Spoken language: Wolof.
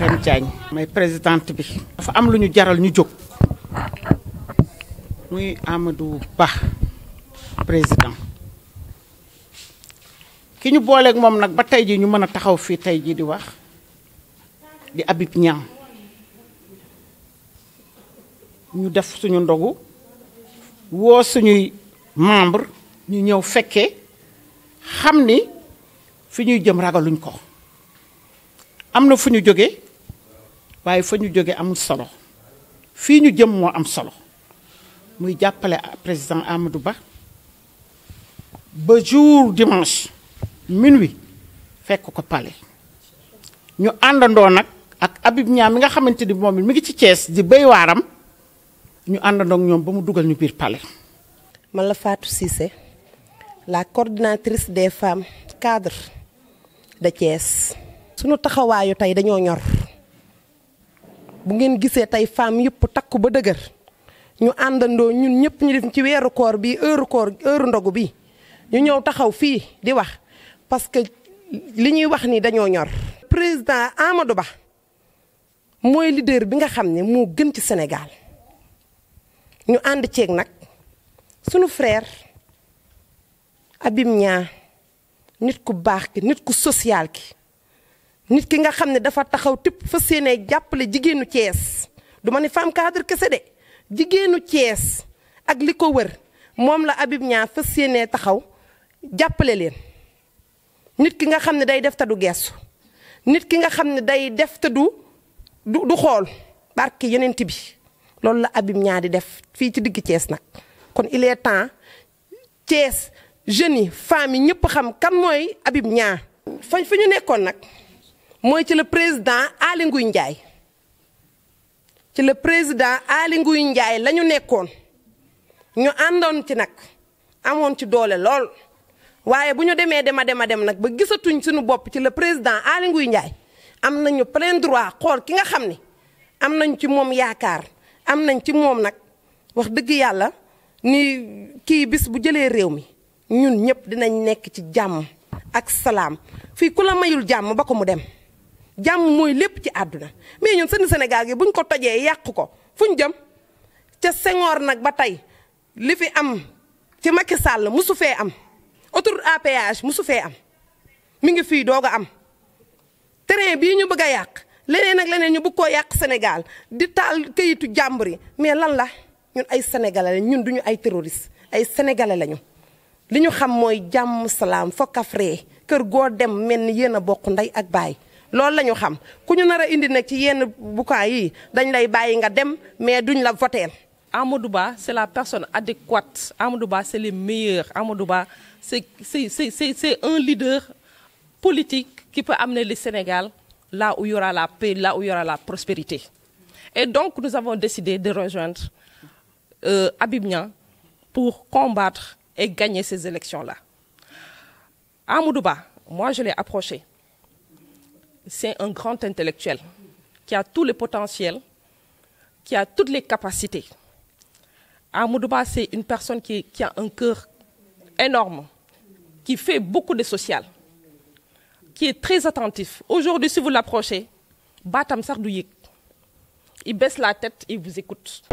Marème Diagne may présidente bi dafa am lu ñu jaral ñu jóg muy Amadou Ba président ki ñu booleek moom nag ba tey ji ñu mën a taxaw fii tey ji di wax di Habib Niang ñu def suñu ndogu woo suñuy membre ñu ñëw fekkee xam ni fi ñuy jëm ragaluñ ko am na fu ñu jóge waaye fa ñu jóge amul solo fi ñu jëm moo am solo muy jàppale président Amadou Ba ba jour dimanche minuit fekk ko palais ñu àndandoo nag ak Habib Niang mi nga xamante ni mi ngi ci di béy waaram ñu àndandoo ak ñoom ba mu dugal ñu biir palais. mala la Fatou Cissé la coordinatrice des femmes cadres de Thiès. sunu taxawaayu tey dañoo ñor. bu ngeen gisee tey femme yëpp takku ba dëgër ñu àndandoo ñun ñëpp ñu def ci weeru koor bi heure koor heure ndogu bi ñu ñëw taxaw fii di wax parce que li ñuy wax nii dañoo ñor. président Amadou Ba mooy leader bi nga xam ne moo gën ci Sénégal ñu ànd ceeg nag sunu frère Habib Niang nit ku baax ki nit ku social ki. nit ki nga xam ne dafa taxaw tipp fas yéenee jàppale jigéenu Thiès du ma ne femme cadre kese de jigéenu Thiès ak li ko wër moom la Habib Niang fas yéenee taxaw jàppale leen nit ki nga xam ne day def te du geesu nit ki nga xam ne day def te du du du xool barke yonent bi loolu la Habib Niang di def fii ci digg Thiès nag kon il est temps Thiès jeunes yi femmes yi ñëpp xam kan mooy Habib Niang fa fi ñu nekkoon nag. mooy ci la président Aly Ngouille Ndiaye ci la président Aly Ngouille Ndiaye la nekkoon ñu àndoon ci nag amoon ci doole lool waaye bu ñu demee dem a dem nag ba gisatuñ suñu bopp ci la président Aly Ngouille Ndiaye am nañu plein droit xool ki nga xam ni am nañ ci moom yaakaar am nañ ci moom nag wax dëgg yàlla ni kii bis bu jëlee réew mi ñun ñëpp dinañ nekk ci jàmm ak salaam fii ku la mayul jàmm ba ko mu dem jàmm mooy lépp ci àdduna mais ñun seen Sénégal gi ñu ko tojee yàq ko fu ñu jëm ca Senghor nag ba tey li fi am ci Macky sàll musu fee am autoroute apage péage musu am mu ngi fii doog a am terrain bii ñu bëgg a yàq leneen ak leneen ñu bugg koo yàq Sénégal di taal kayitu jàmbur yi mais lan la ñun ay sénégalais ñun duñu ay terroriste ay sénégalais lañu. li ñu xam mooy jàmm salaam fokk afree kër goo dem mel ni yéen a bokk ndey ak baay. C'est c'est la personne adéquate Amadou c'est le meilleur Amadou c'est un leader politique qui peut amener le Sénégal là où il y aura la paix là où il y aura la prospérité et donc nous avons décidé de rejoindre euh, pour combattre et gagner ces élections là Amadou moi je l'ai approché c'est un grand intellectuel qui a tout le potentiel, qui a toutes les capacités. Amoudouba, c'est une personne qui, a un cœur énorme, qui fait beaucoup de social, qui est très attentif. Aujourd'hui, si vous l'approchez, Batam il baisse la tête et vous écoute.